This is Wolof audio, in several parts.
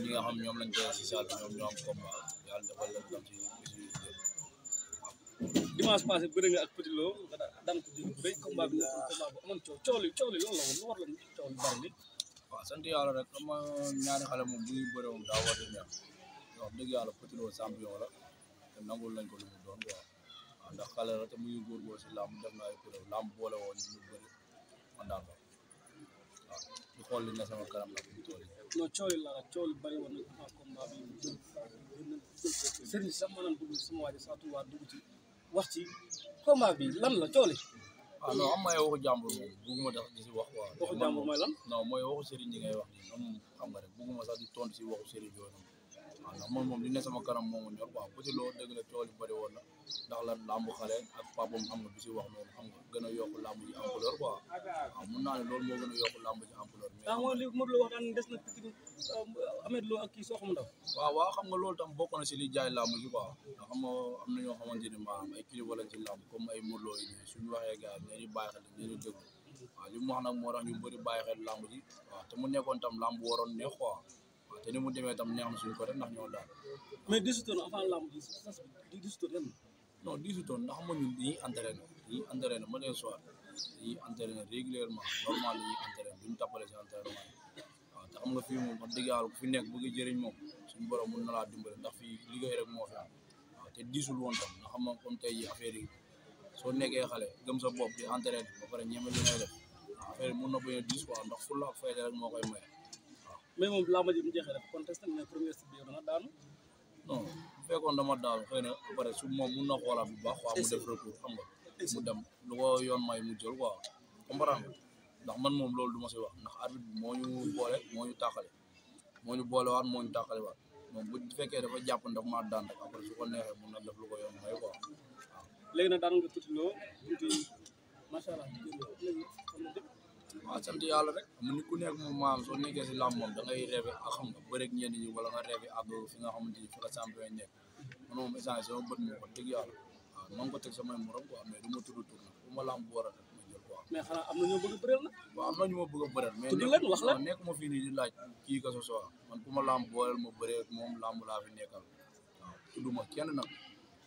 ñi nga xam ñoom lañ koy si saal bi ñoom ñoo am combat yàlla defal leen ndam ci dimanche passé bëri nga ak Petit Lo daan ko jël bi nekk combat bu amoon loolu la war la coow li bari li waaw sant yàlla rek ama ñaari xale moom bu ñu bëri daa war di neex wax dëgg yàlla Petit Lo champion la ko lu mu doon waaw waaw ndax xale la te muy si làmb def na boole woon ñu bëri man daal waaw di xool ne sama kanam la bu ñu loolu coow la la coow lu bëri woon na combat bi sëriñ sax maanaam dugg sama waa ji sax tubaab ci wax ci combat bi lan la coow li ah non am na ay waxu jàmbur moom bugguma def di si wax quoi. waxu jàmbur mooy lan. non mooy waxu sëriñ ñi ngay wax nii moom xam nga rek bugguma sax di si waxu sëriñ yooyu waaw ndax moom li ne sama kanam moom ñor waaw parce que loolu dëgg la tool yi bëri woon na ndax la làmb xale ak papam xam nga du si wax noonu xam nga gën a yokk làmb ji ampleur quoi waaw mun naa loolu moo gën a yokk làmb ji ampleur daa moo li Modou Lo wax daan des na pikin euh, kii soo xam waaw waaw xam nga loolu tam bokk na si li jaay làmb ji quoi ndax xam am na ñoo xamante ni maanaam ay kilifa lañ ci làmb comme ay Modou suñu waxee gars yi dañuy bàyyi xel dañuy déglu waaw wax nag moo tax ñu bëri bàyyi xel làmb ji waaw te mu nekkoon tam lamb waroon neex quoi te ni mu demee tam neex na suñu côté ndax ñoo daal. mais 18 tonnes avant lamb bi sas bi 18 tonnes ren. non 18 tonnes ndax ma ñun dañuy entraîné dañuy entraîné matin soir dañuy entraîné régulièrement normal dañuy entraîné duñu tapale si entraînement waaw te xam nga fii moom wax dëgg yàlla ku fi nekk bëgg jëriñ moom suñu borom mën na laa dimbale ndax fii liggéey rek moo fi am te diisul woon tam xam nga comme tey jii affaire yi soo nekkee xale gëm sa bopp di entraîné ba pare ñeme li ngay def affaire na bañ a ndax fulla ak fayda mais moom la ma ji mu jeexee dafa contesté mais premier a bi yow da nga daanu. non bu fekkoon dama daal xëy na pare su moom mun na xoolaat bu baax. waaw mu def retour xam nga. mu dem lu ko yoon may mu jël quoi comprendre ndax man moom loolu du ma si wax ndax arbitre bi moo ñu boole moo ñu tàqale moo ñu boolewaat moo ñu tàqalewaat moom bu fekkee dafa jàpp ndax maa daan rek après su ko neexee mun na def lu ko yoon may quoi waaw. léegi nag daan nga tuuti loo tuuti macha allah sant yàlla rek mu ni ku nekk moom maam soo nekkee si làmb moom da ngay ak xam nga bëri ak ñenn ñi wala nga rêve ak fi nga xamante ni fi la champion nekk man moom échange sama bët moo ko dëgg yàlla ko teg samay morom quoi mais du ma tudd tur ma làmb war mais xanaa am na a bëreel nag waaw am na ñu mais tudd wax la nekk ma fii laaj kii que ce man ku ma làmb booleel ma bëree moom làmb laa fi nekkal waaw tudduma kenn nag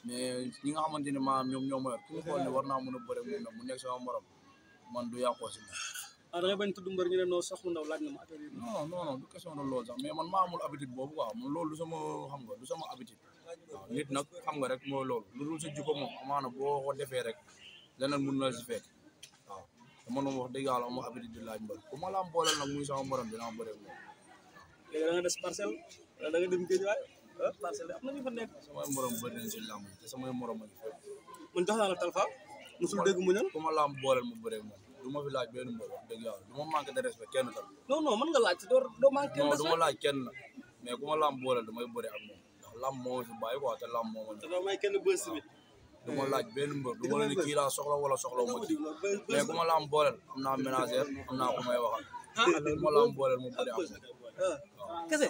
mais ñi nga xamante ne maam ñoom ñoo ma yor ku ma xool ne war naa mën a bëre mu nekk sama morom man du yàqoo si dangay bañ tudd mbër ñu ne non sax mu ndaw laaj na ma affaire non non non du question de loolu mais man maa amul habitude sama xam nga du sama habitude nit nag xam nga rek mooy loolu lu dul sa jikko rek na si fekk waaw te wax habitude di laaj mbër ku ma la am booleel muy sama morom dina am bëree da nga des parcelle da nga dem géej waay parcelle am na ñu fa nekk samay morom bëri nañ si làmb te samay morom ma ñu fekk la talfa musul mu ma la du ma fi laaj benn mbër wax dëgg yàlla du ma manqué de respect kenn tam. non non mën nga laaj du ma laaj kenn nag mais ku ma lamb boole damay bëri ak moom ndax lamb moo fi bàyyi quoi te lamb moo du ma laaj benn mbër du ma la ni kii laa soxla wala soxla wu ma kii mais ku ma lamb boole am naa ménagère am naa ku may waxal. Ah, ku ma lamb a mu bëri ak moom. Ah, kese.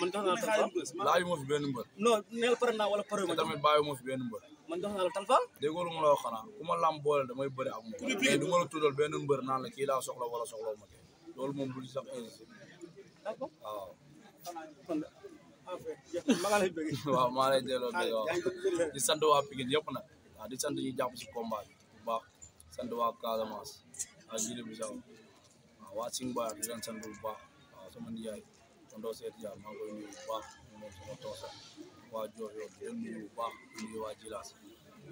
man tax naa tax laaj ma fi benn mbër. non neel pare naa wala a ma. tamit bàyyi ma fi benn mbër. man jox naa la téléphone déggoo lu ma la wax xanaa ku ma lam boole ak moom mais du ma la tuddal benn mbër naan la kii laa soxla wala soxla ma kii loolu moom du sax insi d'accord waaw waaw lay di sant di sant combat bu baax sant waa Casamance waa Guinée Bissau waaw Singba di sant bu baax sama Ndaw Seet Diagne maa ngi koy nuyu bu baax moom sama toosa waa Joojo di leen nuyu bu baax di nuyu waa Jilaas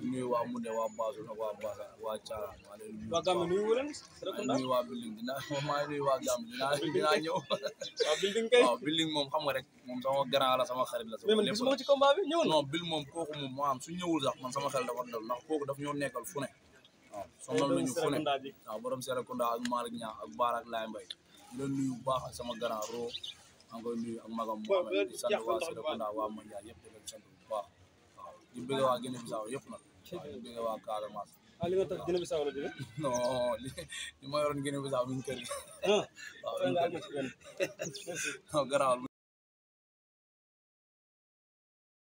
di nuyu waa Munde waa Baasu ak waa Baasa waa Caara maa leen nuyu waa Gambi nuyu wala nuyu waa Building dinaa maa ngi nuyu waa Gambi dinaa dinaa ñëw waa Building kay waaw Building moom xam nga rek moom sama grand la sama xarit nah, la sama lépp la ci combat bi ñëw non Bill moom kooku moom maanaam su ñëwul sax man sama xel dafa dal ndax kooku daf ñoo nekkal fu ne waaw sonal nañu fu ne waaw borom Serekunda ak Malick Niang ak Baar ak Laye Mbaye di leen nuyu baax sama grand ro maa ngi koy nuyu ak magam Mouhamed di sant waa Serekunda waa Mondial yëpp di leen sant bu baax waaw di bëgg waa Guinée nag waaw di waa Casamance. ah li nga tax Guinée Bissau la jógee. non li li ma yoroon Guinée Bissau kër